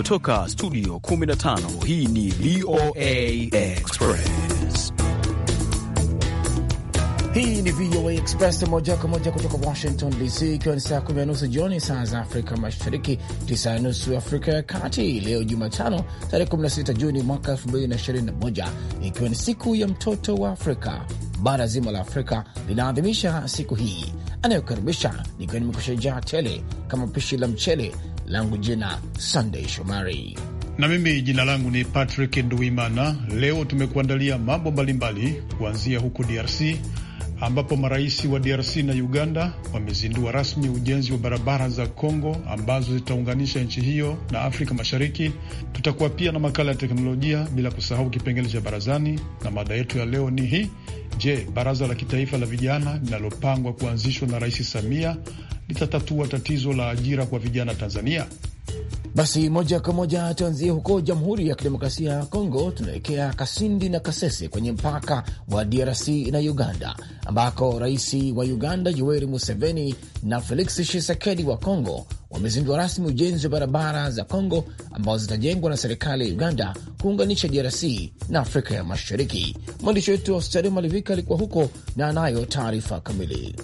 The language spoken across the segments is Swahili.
Kutoka studio 15 hii ni VOA Express. Hii ni VOA Express moja kwa moja kutoka Washington DC, ikiwa ni saa kumi na nusu jioni saa za Afrika Mashariki, tisa na nusu Afrika ya Kati. Leo Jumatano tarehe 16 Juni mwaka 2021, ikiwa ni siku ya mtoto wa Afrika. Bara zima la Afrika linaadhimisha siku hii. Anayokaribisha nikiwa nimekusha tele kama pishi la mchele langu jina Sandey Shomari na mimi jina langu ni Patrick Nduimana. Leo tumekuandalia mambo mbalimbali, kuanzia huko DRC ambapo marais wa DRC na Uganda wamezindua rasmi ujenzi wa barabara za Kongo ambazo zitaunganisha nchi hiyo na Afrika Mashariki. Tutakuwa pia na makala ya teknolojia, bila kusahau kipengele cha barazani, na mada yetu ya leo ni hii: Je, baraza la kitaifa la vijana linalopangwa kuanzishwa na Rais Samia litatatua tatizo la ajira kwa vijana Tanzania? Basi moja kwa moja tuanzie huko Jamhuri ya Kidemokrasia ya Kongo. Tunaelekea Kasindi na Kasese kwenye mpaka wa DRC na Uganda, ambako rais wa Uganda Yoweri Museveni na Felix Tshisekedi wa Kongo wamezindua rasmi ujenzi wa barabara za Kongo ambazo zitajengwa na serikali ya Uganda kuunganisha DRC na Afrika ya Mashariki. Mwandishi wetu Osteri Malivika alikuwa huko na anayo taarifa kamili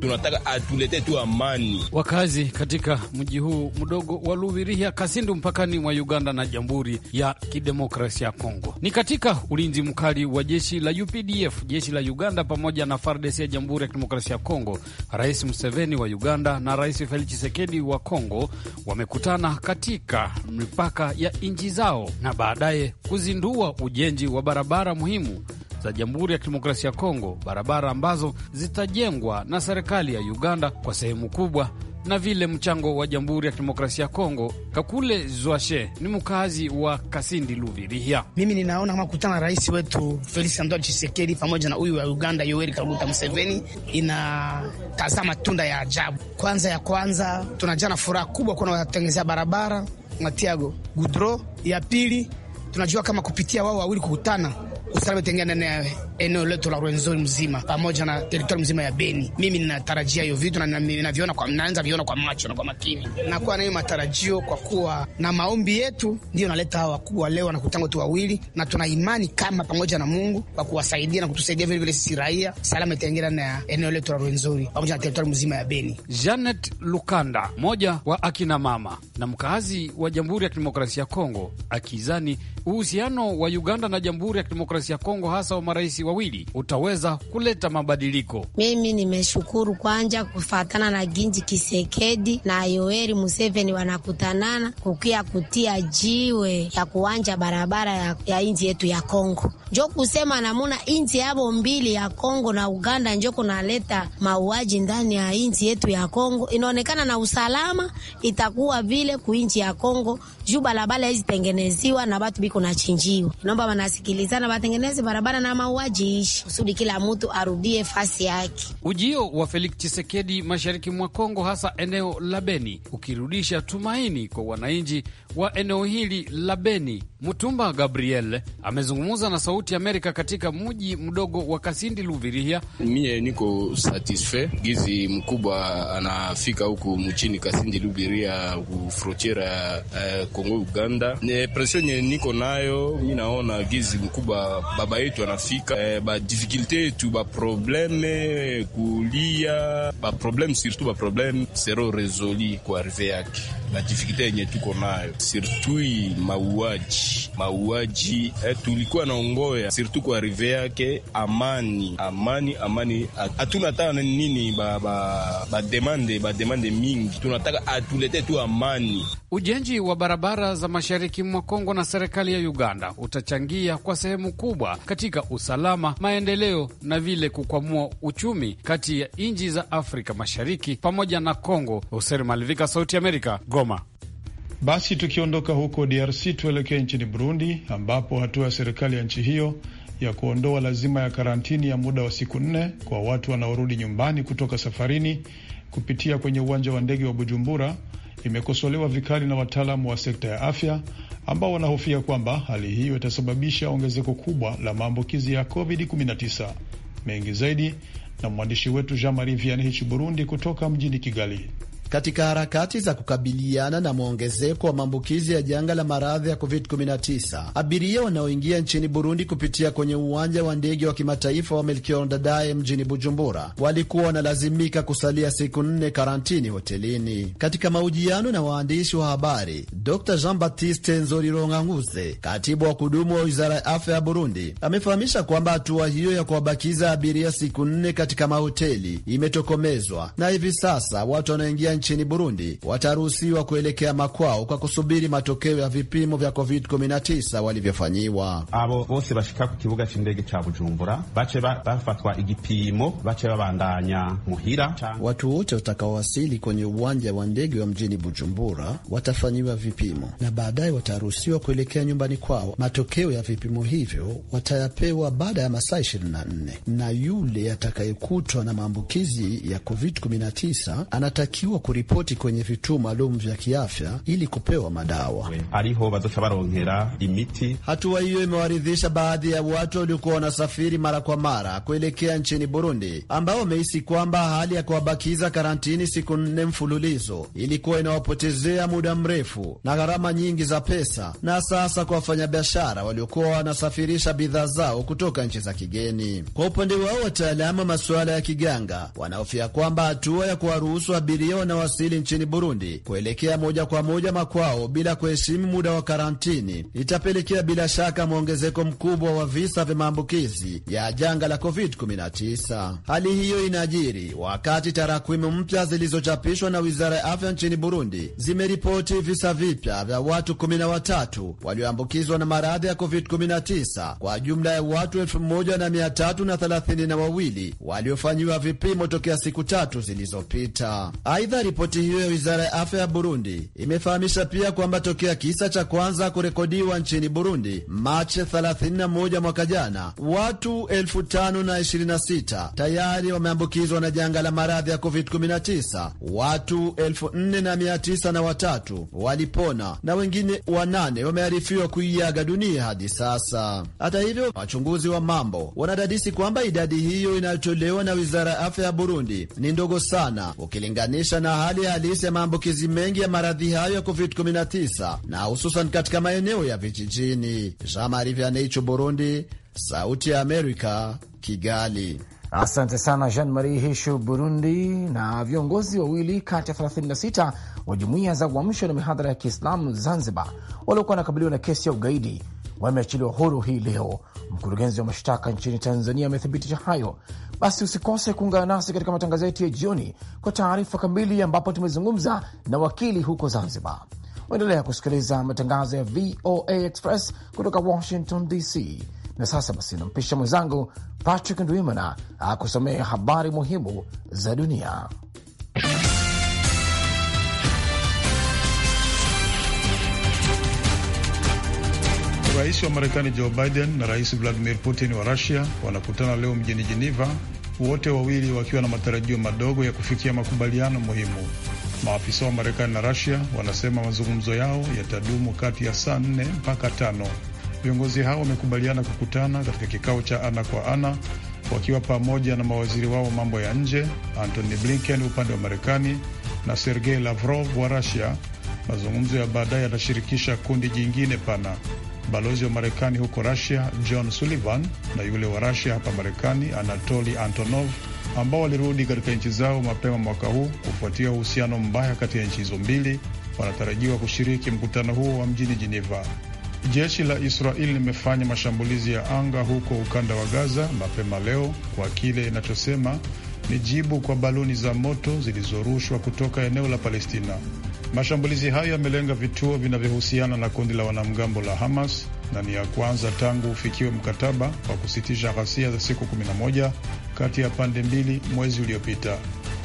tunataka atulete tu amani. Wakazi katika mji huu mdogo wa Lubiriha Kasindu, mpakani mwa Uganda na Jamhuri ya Kidemokrasia ya Kongo, ni katika ulinzi mkali wa jeshi la UPDF, jeshi la Uganda pamoja na FARDC ya Jamhuri ya Kidemokrasia ya Kongo. Rais Museveni wa Uganda na Rais Felix Tshisekedi wa Kongo wamekutana katika mipaka ya nchi zao na baadaye kuzindua ujenzi wa barabara muhimu za Jamhuri ya Kidemokrasia ya Kongo, barabara ambazo zitajengwa na serikali ya Uganda kwa sehemu kubwa na vile mchango wa Jamhuri ya Kidemokrasia ya Kongo. Kakule Zwashe ni mkazi wa Kasindi Luvirihia. Mimi ninaona kama kukutana na rais wetu Felix Antoine Tshisekedi pamoja na huyu wa Uganda Yoweri Kaguta Museveni inatazaa matunda ya ajabu. Kwanza ya kwanza, tunajaa na furaha kubwa kuona watatengenezea barabara Matiago Gudro. Ya pili, tunajua kama kupitia wao wawili kukutana usalama itengana na eneo letu la Rwenzori mzima pamoja na teritori mzima ya Beni. Mimi ninatarajia hiyo vitu na ninaviona kwa, naanza viona kwa macho na kwa makini, nakuwa na hiyo matarajio kwa kuwa na maombi yetu ndio naleta hawa wakubwa leo na kutango tu wawili, na tuna imani kama pamoja na Mungu kwa kuwasaidia na kutusaidia vile vile sisi raia. Salama itengana na eneo letu la Rwenzori pamoja na teritori mzima ya Beni. Janet Lukanda, moja wa akina mama na mkazi wa Jamhuri ya Kidemokrasia ya Kongo, akizani uhusiano wa Uganda na Jamhuri ya Kidemokrasia ya Kongo, hasa wa marais wawili, utaweza kuleta mabadiliko. Mimi nimeshukuru kwanja kufatana na Ginji Kisekedi na Yoeri Museveni wanakutanana kukia kutia jiwe ya kuanja barabara ya, ya inji yetu ya Kongo, njo kusema namuna inji yavo mbili ya Kongo na Uganda njo kunaleta mauaji ndani ya inji yetu ya Kongo. Inaonekana na usalama itakuwa vile kuinji ya Kongo juu barabara hizi tengeneziwa na watu kuna chinjio. Naomba wanasikilizana watengeneze barabara na mauaji ishi kusudi kila mtu arudie fasi yake. Ujio wa Felix chisekedi mashariki mwa Kongo, hasa eneo la Beni, ukirudisha tumaini kwa wananchi wa eneo hili la Beni, Mutumba Gabriel, amezungumza na Sauti Amerika katika mji mdogo wa Kasindi Luviria. Mie niko satisfe gizi mkubwa anafika huku mchini Kasindi Luviria, kufrochera uh, eh, Kongo Uganda. Pression niko nayo mi, naona gizi mkubwa baba yetu anafika, uh, ba difficulté yetu ba probleme kulia ba probleme surtout ba probleme sero resoli kwa arrive yake, ba difficulté yenye tuko nayo surtout mauaji mauaji, eh, tulikuwa ongoya surtout kwa rive yake amani amani amani. Hatuna hata nini ba, ba, ba demande ba demande mingi, tunataka atulete tu amani. Ujenzi wa barabara za mashariki mwa Kongo na serikali ya Uganda utachangia kwa sehemu kubwa katika usalama, maendeleo na vile kukwamua uchumi kati ya nchi za Afrika Mashariki pamoja na Kongo. Hussein Malivika, Sauti Amerika, Goma. Basi tukiondoka huko DRC tuelekee nchini Burundi, ambapo hatua ya serikali ya nchi hiyo ya kuondoa lazima ya karantini ya muda wa siku nne kwa watu wanaorudi nyumbani kutoka safarini kupitia kwenye uwanja wa ndege wa Bujumbura imekosolewa vikali na wataalamu wa sekta ya afya ambao wanahofia kwamba hali hiyo itasababisha ongezeko kubwa la maambukizi ya COVID-19. Mengi zaidi na mwandishi wetu Jean Marie Vianney Burundi kutoka mjini Kigali katika harakati za kukabiliana na mwongezeko wa maambukizi ya janga la maradhi ya COVID-19, abiria wanaoingia nchini Burundi kupitia kwenye uwanja wa ndege wa kimataifa wa Melchior Ndadaye mjini Bujumbura walikuwa wanalazimika kusalia siku nne karantini hotelini. Katika mahojiano na waandishi wa habari, Dr Jean Baptiste Nzorironganguze, katibu wa kudumu wa wizara ya afya ya Burundi, amefahamisha kwamba hatua hiyo ya kuwabakiza abiria siku nne katika mahoteli imetokomezwa na hivi sasa watu wanaoingia nchini Burundi wataruhusiwa kuelekea makwao kwa kusubiri matokeo ya vipimo vya COVID-19 walivyofanyiwa. Abo bose bashika ku kibuga cy'indege cha Bujumbura bace bafatwa igipimo bace babandanya muhira. Watu wote watakaowasili kwenye uwanja wa ndege wa mjini Bujumbura watafanyiwa vipimo na baadaye wataruhusiwa kuelekea nyumbani kwao. Matokeo ya vipimo hivyo watayapewa baada ya masaa 24 na yule atakayekutwa na maambukizi ya COVID-19 anatakiwa kuripoti kwenye vituo maalum vya kiafya ili kupewa madawa. Hatua hiyo imewaridhisha baadhi ya watu waliokuwa wanasafiri mara kwa mara kuelekea nchini Burundi, ambao wamehisi kwamba hali ya kuwabakiza karantini siku nne mfululizo ilikuwa inawapotezea muda mrefu na gharama nyingi za pesa, na sasa kwa wafanyabiashara waliokuwa wanasafirisha bidhaa zao kutoka nchi za kigeni. Kwa upande wao, wataalamu wa masuala ya kiganga wanahofia kwamba hatua ya kuwaruhusu abiria wasili nchini Burundi kuelekea moja kwa moja makwao bila kuheshimu muda wa karantini itapelekea bila shaka mwongezeko mkubwa wa visa vya maambukizi ya janga la COVID-19. Hali hiyo inajiri wakati tarakwimu mpya zilizochapishwa na wizara ya afya nchini Burundi zimeripoti visa vipya vya watu 13 walioambukizwa na maradhi ya COVID-19 kwa jumla ya watu 1332 waliofanyiwa vipimo tokea siku tatu zilizopita. Aidha, ripoti hiyo ya wizara ya afya ya Burundi imefahamisha pia kwamba tokea kisa cha kwanza kurekodiwa nchini Burundi Machi 31 mwaka jana, watu 526 tayari wameambukizwa na janga la maradhi ya COVID-19. Watu 4903 na watatu walipona na wengine wanane wamearifiwa kuiaga dunia hadi sasa. Hata hivyo, wachunguzi wa mambo wanadadisi kwamba idadi hiyo inayotolewa na wizara ya afya ya Burundi ni ndogo sana ukilinganisha na hali halisi ya maambukizi mengi ya maradhi hayo ya COVID-19 na hususan katika maeneo ya vijijini. Burundi, Sauti ya Amerika, Kigali. Asante sana Jean Marie Hishu, Burundi. Na viongozi wawili kati ya 36 wa jumuiya za uamsho na mihadhara ya Kiislamu Zanzibar waliokuwa wanakabiliwa na kesi ya ugaidi wameachiliwa huru hii leo Mkurugenzi wa mashtaka nchini Tanzania amethibitisha hayo. Basi usikose kuungana nasi katika matangazo yetu ya jioni kwa taarifa kamili, ambapo tumezungumza na wakili huko Zanzibar. Waendelea kusikiliza matangazo ya VOA Express kutoka Washington DC. Na sasa basi, nampisha mwenzangu Patrick Ndwimana akusomea habari muhimu za dunia. Rais wa Marekani Joe Biden na Rais Vladimir Putin wa Rusia wanakutana leo mjini Jeneva, wote wawili wakiwa na matarajio madogo ya kufikia makubaliano muhimu. Maafisa wa Marekani na Rusia wanasema mazungumzo yao yatadumu kati ya saa nne mpaka tano. Viongozi hao wamekubaliana kukutana katika kikao cha ana kwa ana wakiwa pamoja na mawaziri wao mambo ya nje Antony Blinken upande wa Marekani na Sergei Lavrov wa Rusia. Mazungumzo ya baadaye yatashirikisha kundi jingine pana. Balozi wa Marekani huko Rasia John Sullivan na yule wa Rasia hapa Marekani Anatoli Antonov ambao walirudi katika nchi zao mapema mwaka huu kufuatia uhusiano mbaya kati ya nchi hizo mbili wanatarajiwa kushiriki mkutano huo wa mjini Jeneva. Jeshi la Israeli limefanya mashambulizi ya anga huko ukanda wa Gaza mapema leo kwa kile inachosema ni jibu kwa baluni za moto zilizorushwa kutoka eneo la Palestina. Mashambulizi hayo yamelenga vituo vinavyohusiana na kundi la wanamgambo la Hamas na ni ya kwanza tangu ufikiwe mkataba wa kusitisha ghasia za siku 11 kati ya pande mbili mwezi uliopita.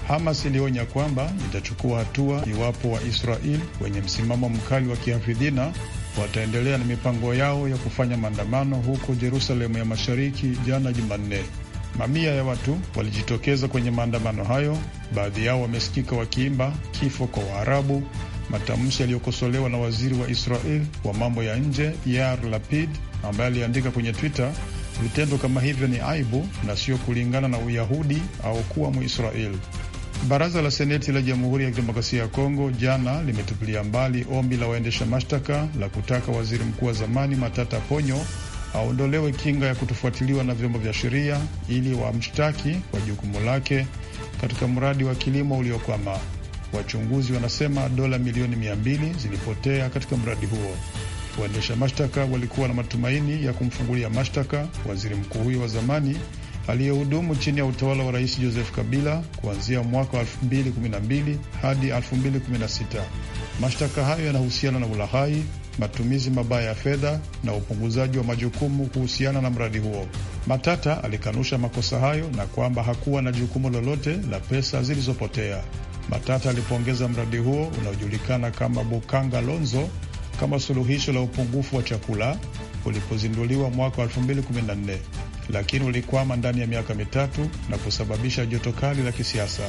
Hamas ilionya kwamba itachukua hatua iwapo waisrael wenye msimamo mkali wa kihafidhina wataendelea na mipango yao ya kufanya maandamano huko Jerusalemu ya Mashariki jana Jumanne. Mamia ya watu walijitokeza kwenye maandamano hayo, baadhi yao wamesikika wakiimba kifo kwa Waarabu, matamshi yaliyokosolewa na waziri wa Israel wa mambo ya nje Yair Lapid ambaye aliandika kwenye Twitter, vitendo kama hivyo ni aibu na sio kulingana na Uyahudi au kuwa Muisrael. Baraza la Seneti la Jamhuri ya Kidemokrasia ya Kongo jana limetupilia mbali ombi la waendesha mashtaka la kutaka waziri mkuu wa zamani Matata Ponyo aondolewe kinga ya kutofuatiliwa na vyombo vya sheria ili wamshtaki kwa jukumu lake katika mradi wa kilimo uliokwama. Wachunguzi wanasema dola milioni mia mbili zilipotea katika mradi huo. Waendesha mashtaka walikuwa na matumaini ya kumfungulia mashtaka waziri mkuu huyo wa zamani aliyehudumu chini ya utawala wa Rais Joseph Kabila kuanzia mwaka wa 2012 hadi 2016. Mashtaka hayo yanahusiana na ulahai, matumizi mabaya ya fedha na upunguzaji wa majukumu kuhusiana na mradi huo. Matata alikanusha makosa hayo na kwamba hakuwa na jukumu lolote la pesa zilizopotea. Matata alipongeza mradi huo unaojulikana kama Bukanga Lonzo kama suluhisho la upungufu wa chakula ulipozinduliwa mwaka wa 2014 lakini ulikwama ndani ya miaka mitatu na kusababisha joto kali la kisiasa.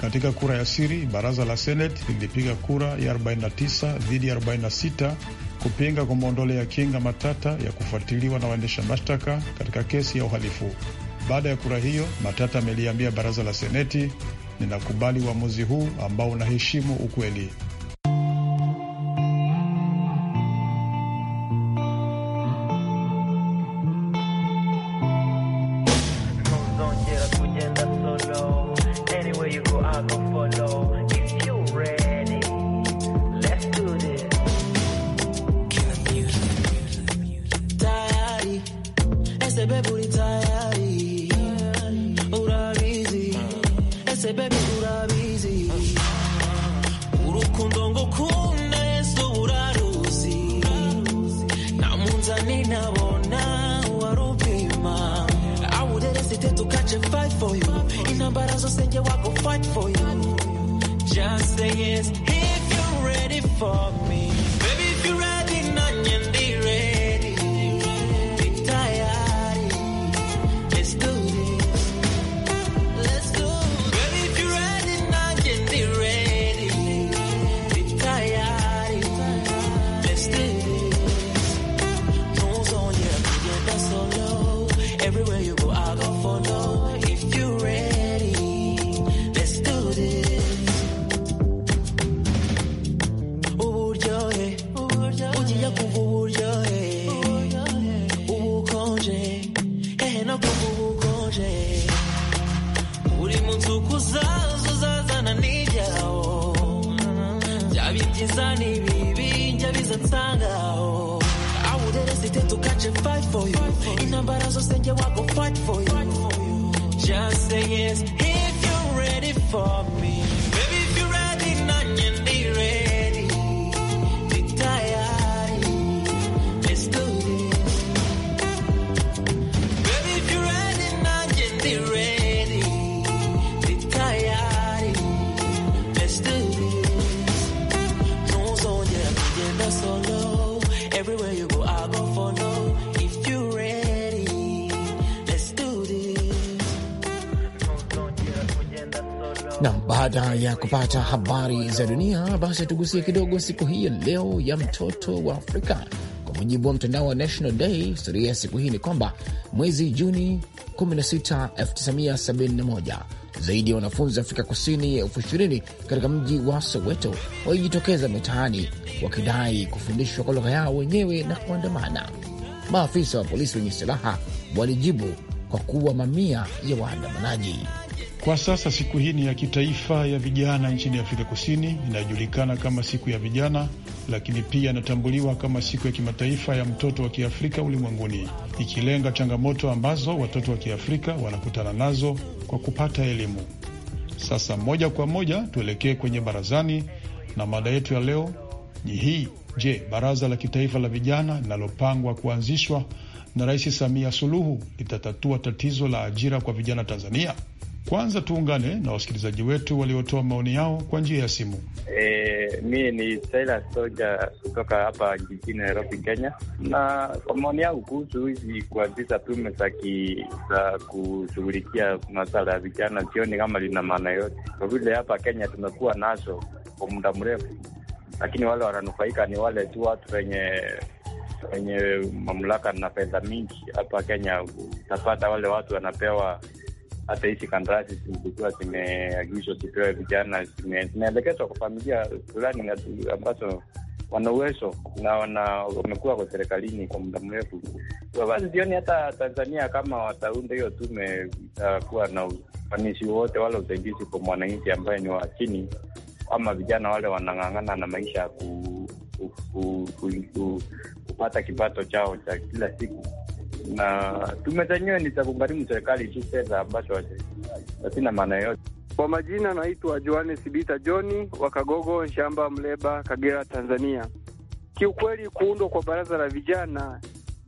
Katika kura ya siri, baraza la Seneti lilipiga kura ya 49 dhidi ya 46 kupinga kumwondolea kinga Matata ya kufuatiliwa na waendesha mashtaka katika kesi ya uhalifu. Baada ya kura hiyo, Matata ameliambia baraza la Seneti, ninakubali uamuzi huu ambao unaheshimu ukweli. ya kupata habari za dunia, basi tugusie kidogo siku hii ya leo ya mtoto wa Afrika. Kwa mujibu wa mtandao wa National Day, historia ya siku hii ni kwamba mwezi Juni 16, 1971 zaidi ya wanafunzi Afrika Kusini elfu ishirini katika mji wa Soweto walijitokeza mitaani wakidai kufundishwa kwa lugha yao wenyewe na kuandamana. Maafisa wa polisi wenye silaha walijibu kwa kuwa mamia ya waandamanaji. Kwa sasa siku hii ni ya kitaifa ya vijana nchini Afrika Kusini, inayojulikana kama siku ya vijana, lakini pia inatambuliwa kama siku ya kimataifa ya mtoto wa Kiafrika ulimwenguni, ikilenga changamoto ambazo watoto wa Kiafrika wanakutana nazo kwa kupata elimu. Sasa moja kwa moja tuelekee kwenye barazani, na mada yetu ya leo ni hii. Je, baraza la kitaifa la vijana linalopangwa kuanzishwa na Rais Samia Suluhu litatatua tatizo la ajira kwa vijana Tanzania? Kwanza tuungane na wasikilizaji wetu waliotoa maoni yao kwa njia ya simu. E, mie ni Saila Soja kutoka hapa jijini Nairobi, Kenya, na kwa maoni yangu kuhusu hizi kuanzisha tume za kushughulikia masala ya vijana, sioni kama lina maana yote, kwa vile hapa Kenya tumekuwa nazo kwa muda mrefu, lakini wale wananufaika ni wale tu watu wenye wenye mamlaka na fedha mingi hapa Kenya. Utapata wale watu wanapewa hata hizi kandarasi zikiwa zimeagizwa zipewe vijana, zimeelekezwa kwa familia fulani ambazo wana uwezo na wamekuwa kwa serikalini kwa muda mrefu. Hivyo basi, sioni hata Tanzania kama wataunda hiyo tume itakuwa na ufanisi wowote wala usaidizi kwa mwananchi ambaye ni wa chini, ama vijana wale wanang'ang'ana na maisha ya ku, ku, ku, ku, ku, kupata kipato chao cha kila siku na tume ni za kugharimu serikali tu fedha ambacho hazina maana yoyote. Kwa majina naitwa Johannes Sibita Johni wa Kagogo Shamba Mleba, Kagera, Tanzania. Kiukweli kuundwa kwa baraza la vijana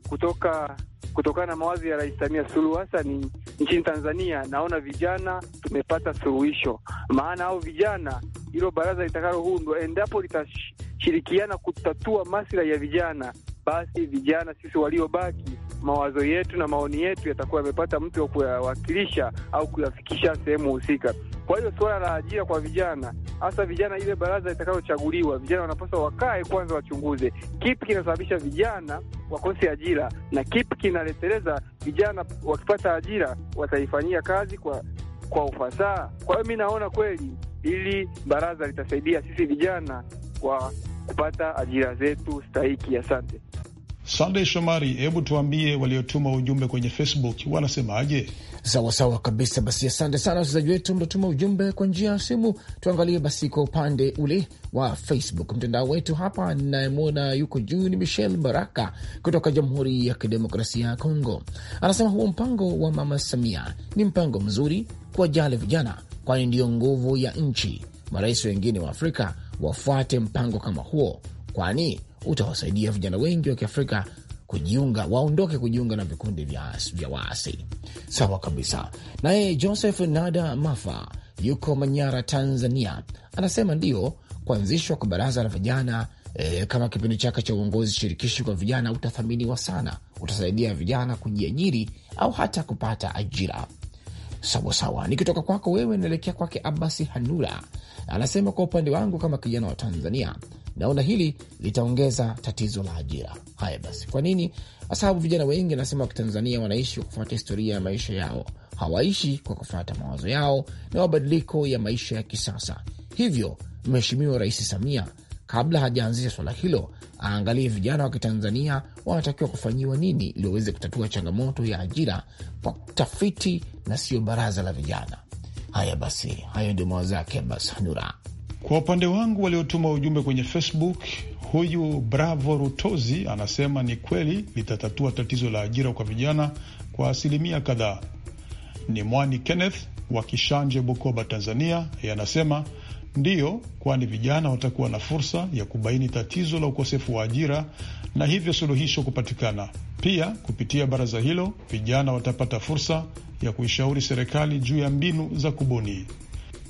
kutoka kutokana na mawazo ya Rais Samia Suluhu Hassan nchini Tanzania, naona vijana tumepata suluhisho, maana hao vijana, hilo baraza litakaloundwa, endapo litashirikiana kutatua maslahi ya vijana, basi vijana sisi waliobaki mawazo yetu na maoni yetu yatakuwa yamepata mtu wa kuyawakilisha au kuyafikisha sehemu husika. Kwa hiyo suala la ajira kwa vijana, hasa vijana, ile baraza itakayochaguliwa, vijana wanapaswa wakae kwanza, wachunguze kipi kinasababisha vijana wakose ajira na kipi kinaleteleza vijana wakipata ajira wataifanyia kazi kwa kwa ufasaha. Kwa hiyo mi naona kweli ili baraza litasaidia sisi vijana kwa kupata ajira zetu stahiki. Asante sandey Shomari, hebu tuambie waliotuma ujumbe kwenye Facebook wanasemaje? Sawasawa kabisa. Basi asante sana wasikilizaji wetu mliotuma ujumbe kwa njia ya simu. Tuangalie basi kwa upande ule wa Facebook, mtandao wetu hapa. Ninayemwona yuko juu ni Michel Baraka kutoka Jamhuri ya Kidemokrasia ya Kongo, anasema huo mpango wa Mama Samia ni mpango mzuri kuwajali vijana, kwani ndiyo nguvu ya nchi. Marais wengine wa Afrika wafuate mpango kama huo kwani utawasaidia vijana wengi wa Kiafrika kujiunga waondoke kujiunga na vikundi vya waasi. Sawa kabisa. Naye Joseph Nada Mafa yuko Manyara, Tanzania, anasema ndiyo kuanzishwa kwa baraza la vijana e, kama kipindi chake cha uongozi shirikishi kwa vijana utathaminiwa sana, utasaidia vijana kujiajiri au hata kupata ajira. Sawa sawa, nikitoka kwako wewe naelekea kwake Abasi Hanura, anasema kwa upande wangu kama kijana wa Tanzania naona hili litaongeza tatizo la ajira. Haya basi, kwa nini? Kwa sababu vijana wengi anasema Watanzania wanaishi kwa kufuata historia ya maisha yao, hawaishi kwa kufuata mawazo yao na mabadiliko ya maisha ya kisasa. Hivyo Mheshimiwa Rais Samia kabla hajaanzisha swala hilo aangalie vijana wa Kitanzania wanatakiwa kufanyiwa nini ili waweze kutatua changamoto ya ajira kwa tafiti na siyo baraza la vijana. Haya basi, hayo ndio mawazo yake Bashanura. Kwa upande wangu, waliotuma ujumbe kwenye Facebook, huyu Bravo Rutozi anasema ni kweli litatatua tatizo la ajira kwa vijana kwa asilimia kadhaa. Ni Mwani Kenneth wa Kishanje, Bukoba, Tanzania, yanasema ndiyo, kwani vijana watakuwa na fursa ya kubaini tatizo la ukosefu wa ajira na hivyo suluhisho kupatikana. Pia kupitia baraza hilo vijana watapata fursa ya kuishauri serikali juu ya mbinu za kubuni.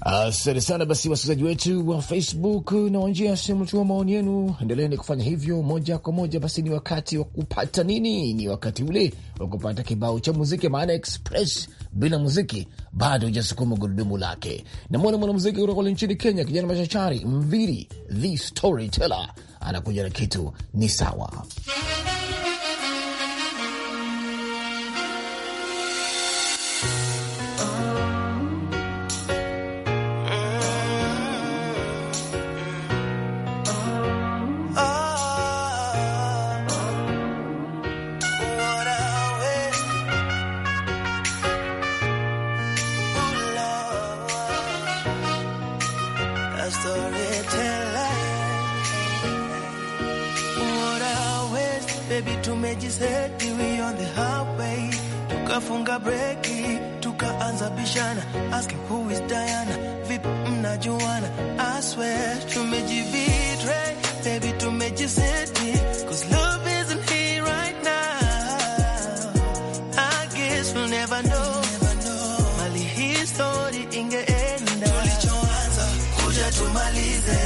Asante sana basi, wasikilizaji wetu wa Facebook na wanjia ya simu, tuma maoni yenu, endeleeni kufanya hivyo moja kwa moja. Basi ni wakati wa kupata nini? Ni wakati ule wa kupata kibao cha muziki, maana express bila muziki bado hujasukuma gurudumu lake. Namwona mwanamuziki kutoka kule nchini Kenya, kijana machachari Mviri the Storyteller anakuja na kitu ni sawa tukapiga breki, tukaanza bishana, ask who is Diana, vipi mnajuana? I swear tumejibitray, baby tumejiseti, cause love isn't here right now. I guess we'll never know, tulichoanza kuja tumalize,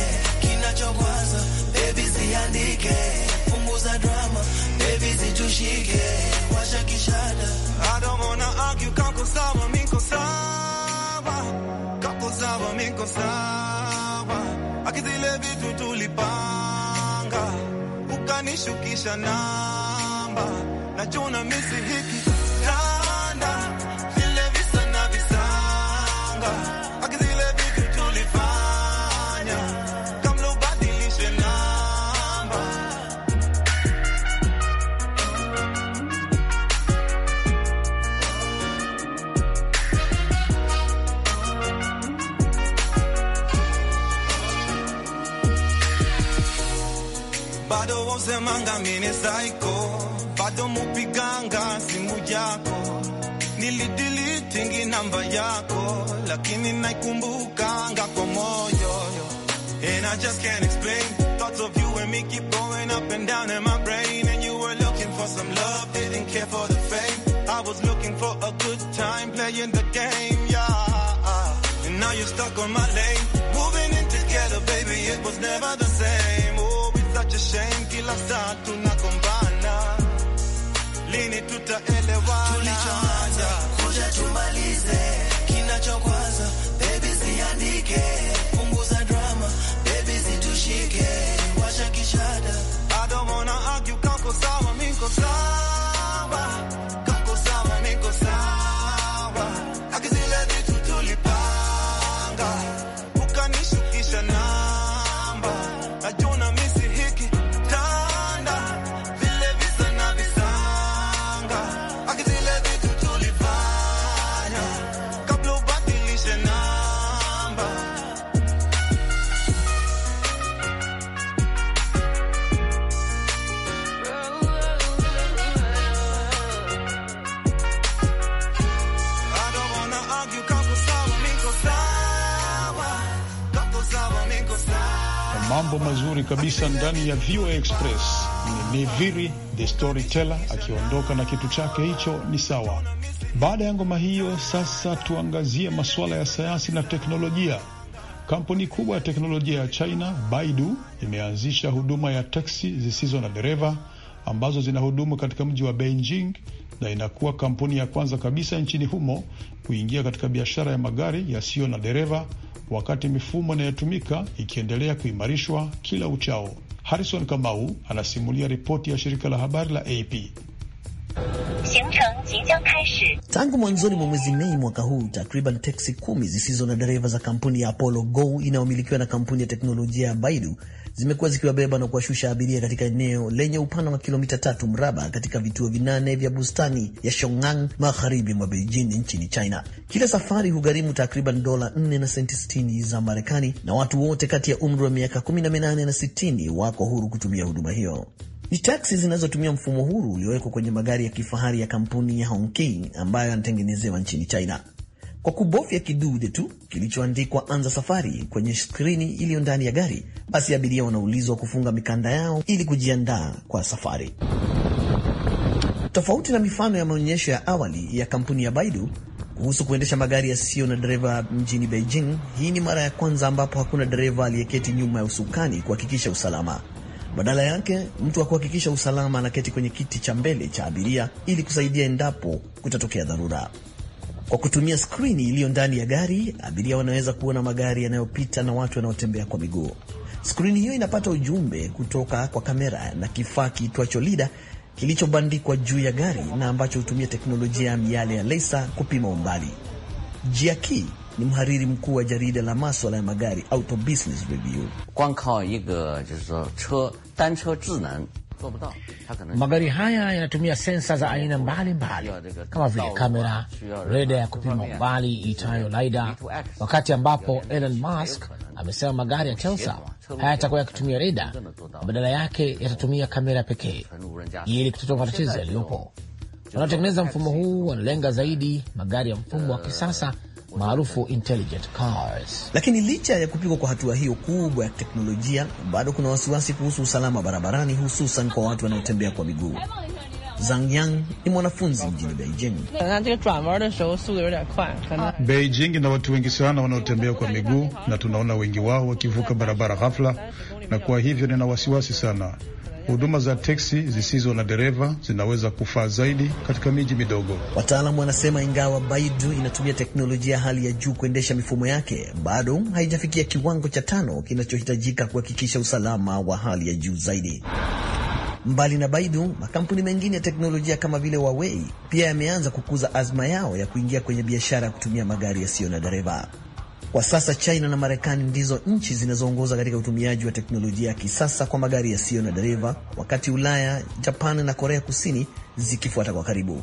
baby ziandike, punguza drama baby zitushike, washa kishada sawa, miko sawa, kapo sawa, miko sawa, akizile vitu tulipanga, ukanishukisha namba, nachona misi hiki semanga mine saiko bado mupiganga simu yako nilidilitingi namba yako lakini naikumbukanga kwa moyo and I just can't explain thoughts of you and me keep going up and down in my brain and you were looking for some love didn't care for the fame I was looking for a good time playing the game yeah and now you're stuck on my lane moving in together baby it was never the same kila saa tunagombana, lini tutaelewana? Tulichoanza kuja tumalize, kinachokwaza baby ziandike, punguza drama baby zitushike, washa kishada, I don't wanna argue, kako sawa, miko sawa mambo mazuri kabisa ndani ya VOA Express. Ni Neviri the Storyteller akiondoka na kitu chake hicho, ni sawa. Baada ya ngoma hiyo, sasa tuangazie masuala ya sayansi na teknolojia. Kampuni kubwa ya teknolojia ya China Baidu imeanzisha huduma ya teksi zisizo na dereva ambazo zinahudumu katika mji wa Beijing na inakuwa kampuni ya kwanza kabisa nchini humo kuingia katika biashara ya magari yasiyo na dereva, wakati mifumo inayotumika ikiendelea kuimarishwa kila uchao. Harrison Kamau anasimulia ripoti ya shirika la habari la AP. Tangu mwanzoni mwa mwezi Mei mwaka huu takriban teksi kumi zisizo na dereva za kampuni ya Apollo Go inayomilikiwa na kampuni ya teknolojia ya Baidu zimekuwa zikiwabeba na kuwashusha abiria katika eneo lenye upana wa kilomita tatu mraba katika vituo vinane vya bustani ya Shongang magharibi mwa Beijing nchini China. Kila safari hugharimu takriban dola 4 na senti 60 za Marekani, na watu wote kati ya umri wa miaka 18 na 60 wako huru kutumia huduma hiyo. Ni taksi zinazotumia mfumo huru uliowekwa kwenye magari ya kifahari ya kampuni ya Hongqi ambayo yanatengenezewa nchini China. Kwa kubofya kidude tu kilichoandikwa anza safari kwenye skrini iliyo ndani ya gari, basi abiria wanaulizwa kufunga mikanda yao ili kujiandaa kwa safari. Tofauti na mifano ya maonyesho ya awali ya kampuni ya Baidu kuhusu kuendesha magari yasiyo na dereva mjini Beijing, hii ni mara ya kwanza ambapo hakuna dereva aliyeketi nyuma ya usukani kuhakikisha usalama. Badala yake mtu wa kuhakikisha usalama anaketi kwenye kiti cha mbele cha abiria ili kusaidia endapo kutatokea dharura. Kwa kutumia skrini iliyo ndani ya gari, abiria wanaweza kuona magari yanayopita na watu wanaotembea kwa miguu. Skrini hiyo inapata ujumbe kutoka kwa kamera na kifaa kiitwacho lida kilichobandikwa juu ya gari na ambacho hutumia teknolojia ya miale ya lesa kupima umbali. Jiaki ni mhariri mkuu wa jarida la maswala ya magari Auto Business Review. Magari haya yanatumia sensa za aina mbalimbali kama vile kamera, reda ya kupima umbali itayo laida wakati ambapo Elon Musk amesema magari ya Tesla hayatakuwa yakitumia reda, badala yake yatatumia kamera pekee ili kutatua matatizo yaliyopo. Wanaotengeneza mfumo huu wanalenga zaidi magari ya mfumo wa kisasa maarufu intelligent cars. Lakini licha ya kupigwa kwa hatua hiyo kubwa ya teknolojia, bado kuna wasiwasi kuhusu usalama barabarani, hususan kwa watu wanaotembea kwa miguu. Zhang Yang ni mwanafunzi mjini Beijing. Beijing ina watu wengi sana wanaotembea kwa miguu, na tunaona wengi wao wakivuka barabara ghafla, na kwa hivyo nina wasiwasi sana huduma za teksi zisizo na dereva zinaweza kufaa zaidi katika miji midogo. Wataalamu wanasema ingawa Baidu inatumia teknolojia hali ya juu kuendesha mifumo yake, bado haijafikia kiwango cha tano kinachohitajika kuhakikisha usalama wa hali ya juu zaidi. Mbali na Baidu, makampuni mengine ya teknolojia kama vile Huawei pia yameanza kukuza azma yao ya kuingia kwenye biashara ya kutumia magari yasiyo na dereva. Kwa sasa China na Marekani ndizo nchi zinazoongoza katika utumiaji wa teknolojia ya kisasa kwa magari yasiyo na dereva, wakati Ulaya, Japan na Korea Kusini zikifuata kwa karibu.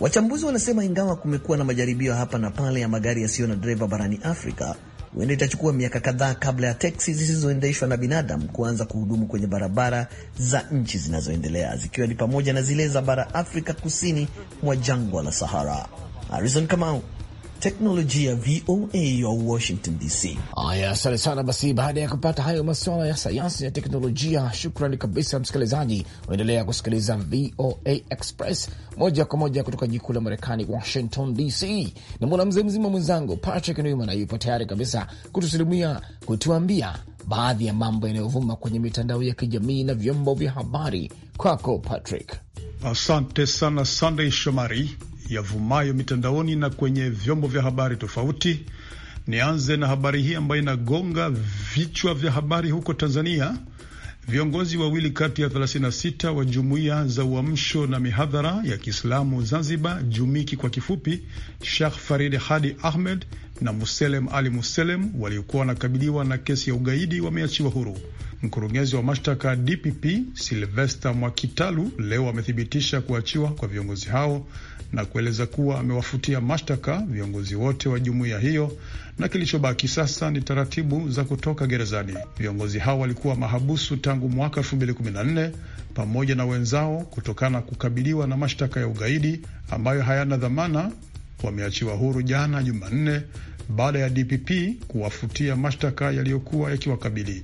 Wachambuzi wanasema ingawa kumekuwa na majaribio hapa na pale ya magari yasiyo na dereva barani Afrika, huenda itachukua miaka kadhaa kabla ya teksi zisizoendeshwa na binadamu kuanza kuhudumu kwenye barabara za nchi zinazoendelea, zikiwa ni pamoja na zile za bara Afrika kusini mwa jangwa la Sahara. Harrison Kamau, teknolojia VOA ya Washington DC. Haya, asante sana. Basi baada ya kupata hayo masuala ya sayansi na teknolojia, shukrani kabisa msikilizaji. Unaendelea kusikiliza VOA Express moja kwa moja kutoka jikuu la Marekani, Washington DC, na mwana mzee mzima mwenzangu Patrick Nwimana yupo tayari kabisa kutusalimia, kutuambia baadhi ya mambo yanayovuma kwenye mitandao ya kijamii na vyombo vya habari. Kwako Patrick. Asante sana Sunday Shomari yavumayo mitandaoni na kwenye vyombo vya habari tofauti. Nianze na habari hii ambayo inagonga vichwa vya habari huko Tanzania. Viongozi wawili kati ya 36 wa jumuiya za uamsho na mihadhara ya Kiislamu Zanzibar, Jumiki kwa kifupi, Sheikh Farid Hadi Ahmed na Muselem Ali Muselem waliokuwa wanakabiliwa na kesi ya ugaidi wameachiwa huru. Mkurugenzi wa mashtaka DPP Silvesta Mwakitalu leo amethibitisha kuachiwa kwa viongozi hao na kueleza kuwa amewafutia mashtaka viongozi wote wa jumuiya hiyo na kilichobaki sasa ni taratibu za kutoka gerezani. Viongozi hao walikuwa mahabusu tangu mwaka 2014 pamoja na wenzao kutokana na kukabiliwa na mashtaka ya ugaidi ambayo hayana dhamana. Wameachiwa huru jana Jumanne baada ya DPP kuwafutia mashtaka yaliyokuwa yakiwakabili.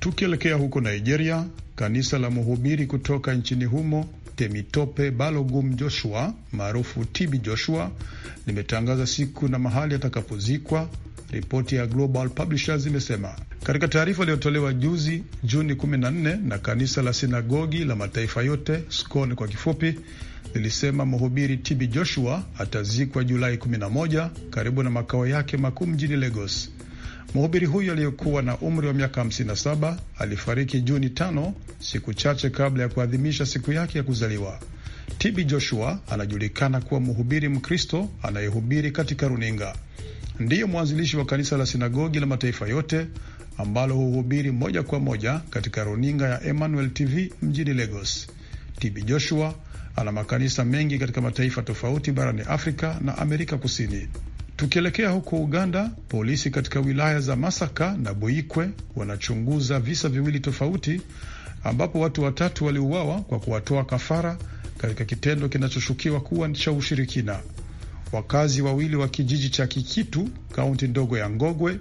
Tukielekea huko Nigeria, kanisa la mhubiri kutoka nchini humo Temitope Balogum Joshua maarufu tb Joshua limetangaza siku na mahali atakapozikwa. Ripoti ya Global Publishers imesema katika taarifa iliyotolewa juzi Juni 14 na kanisa la sinagogi la mataifa yote scon kwa kifupi lilisema mhubiri TB Joshua atazikwa Julai 11 karibu na makao yake makuu mjini Lagos. Mhubiri huyo aliyekuwa na umri wa miaka 57 alifariki Juni 5, siku chache kabla ya kuadhimisha siku yake ya kuzaliwa. TB Joshua anajulikana kuwa mhubiri Mkristo anayehubiri katika runinga. Ndiyo mwanzilishi wa kanisa la sinagogi la mataifa yote ambalo huhubiri moja kwa moja katika runinga ya Emmanuel TV mjini Lagos. TB Joshua ana makanisa mengi katika mataifa tofauti barani Afrika na Amerika Kusini. Tukielekea huko Uganda, polisi katika wilaya za Masaka na buikwe wanachunguza visa viwili tofauti ambapo watu watatu waliuawa kwa kuwatoa kafara katika kitendo kinachoshukiwa kuwa ni cha ushirikina. Wakazi wawili wa kijiji cha Kikitu, kaunti ndogo ya Ngogwe,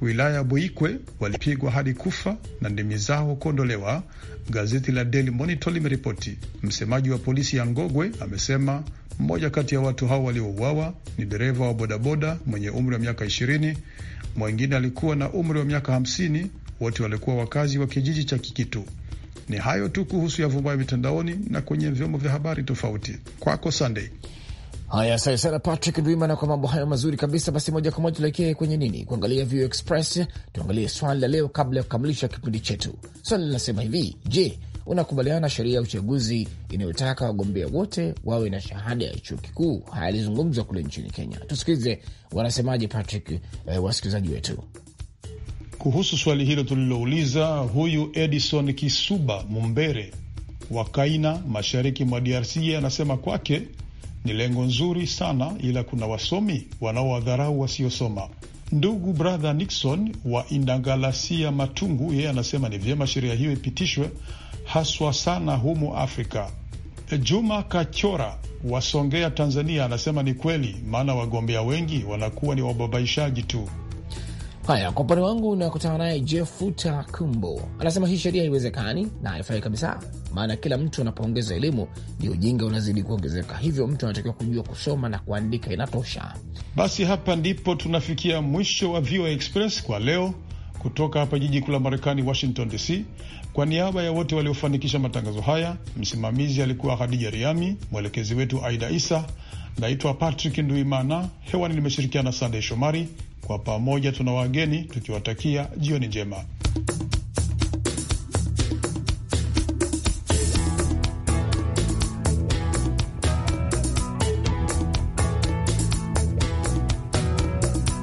wilaya ya Buikwe walipigwa hadi kufa na ndimi zao kuondolewa, gazeti la Daily Monitor limeripoti. Msemaji wa polisi ya Ngogwe amesema mmoja kati ya watu hao waliouawa ni dereva wa bodaboda mwenye umri wa miaka 20 mwengine alikuwa na umri wa miaka 50 Wote walikuwa wakazi wa kijiji cha Kikitu. Ni hayo tu kuhusu yavumbayo mitandaoni na kwenye vyombo vya habari tofauti. Kwako Sunday. Haya, asante sana Patrick Dwimana kwa mambo hayo mazuri kabisa. Basi moja kwa moja tuelekee kwenye nini, kuangalia View Express. Tuangalie swali la leo kabla ya kukamilisha kipindi chetu. Swali linasema hivi: Je, unakubaliana na sheria ya uchaguzi inayotaka wagombea wote wawe na shahada ya chuo kikuu? Haya yalizungumzwa kule nchini Kenya. Tusikilize wanasemaje, Patrick, eh, wasikilizaji wetu kuhusu swali hilo tulilouliza. Huyu Edison Kisuba Mumbere wa Kaina, mashariki mwa DRC, anasema kwake ni lengo nzuri sana, ila kuna wasomi wanaowadharau wasiosoma. Ndugu bradha Nixon wa Indangalasia Matungu, yeye anasema ni vyema sheria hiyo ipitishwe haswa sana humu Afrika. Juma Kachora wa Songea, Tanzania, anasema ni kweli, maana wagombea wengi wanakuwa ni wababaishaji tu. Haya, kwa upande wangu nakutana naye Jefuta Kumbo, anasema hii sheria haiwezekani na haifai kabisa, maana kila mtu anapoongeza elimu ni ujinga unazidi kuongezeka, hivyo mtu anatakiwa kujua kusoma na kuandika, inatosha. Basi hapa ndipo tunafikia mwisho wa VOA Express kwa leo, kutoka hapa jiji kuu la Marekani, Washington DC. Kwa niaba ya wote waliofanikisha matangazo haya, msimamizi alikuwa Hadija Riami, mwelekezi wetu Aida Isa. Naitwa Patrick Nduimana, hewani nimeshirikiana Sandey Shomari. Kwa pamoja tuna wageni tukiwatakia jioni njema.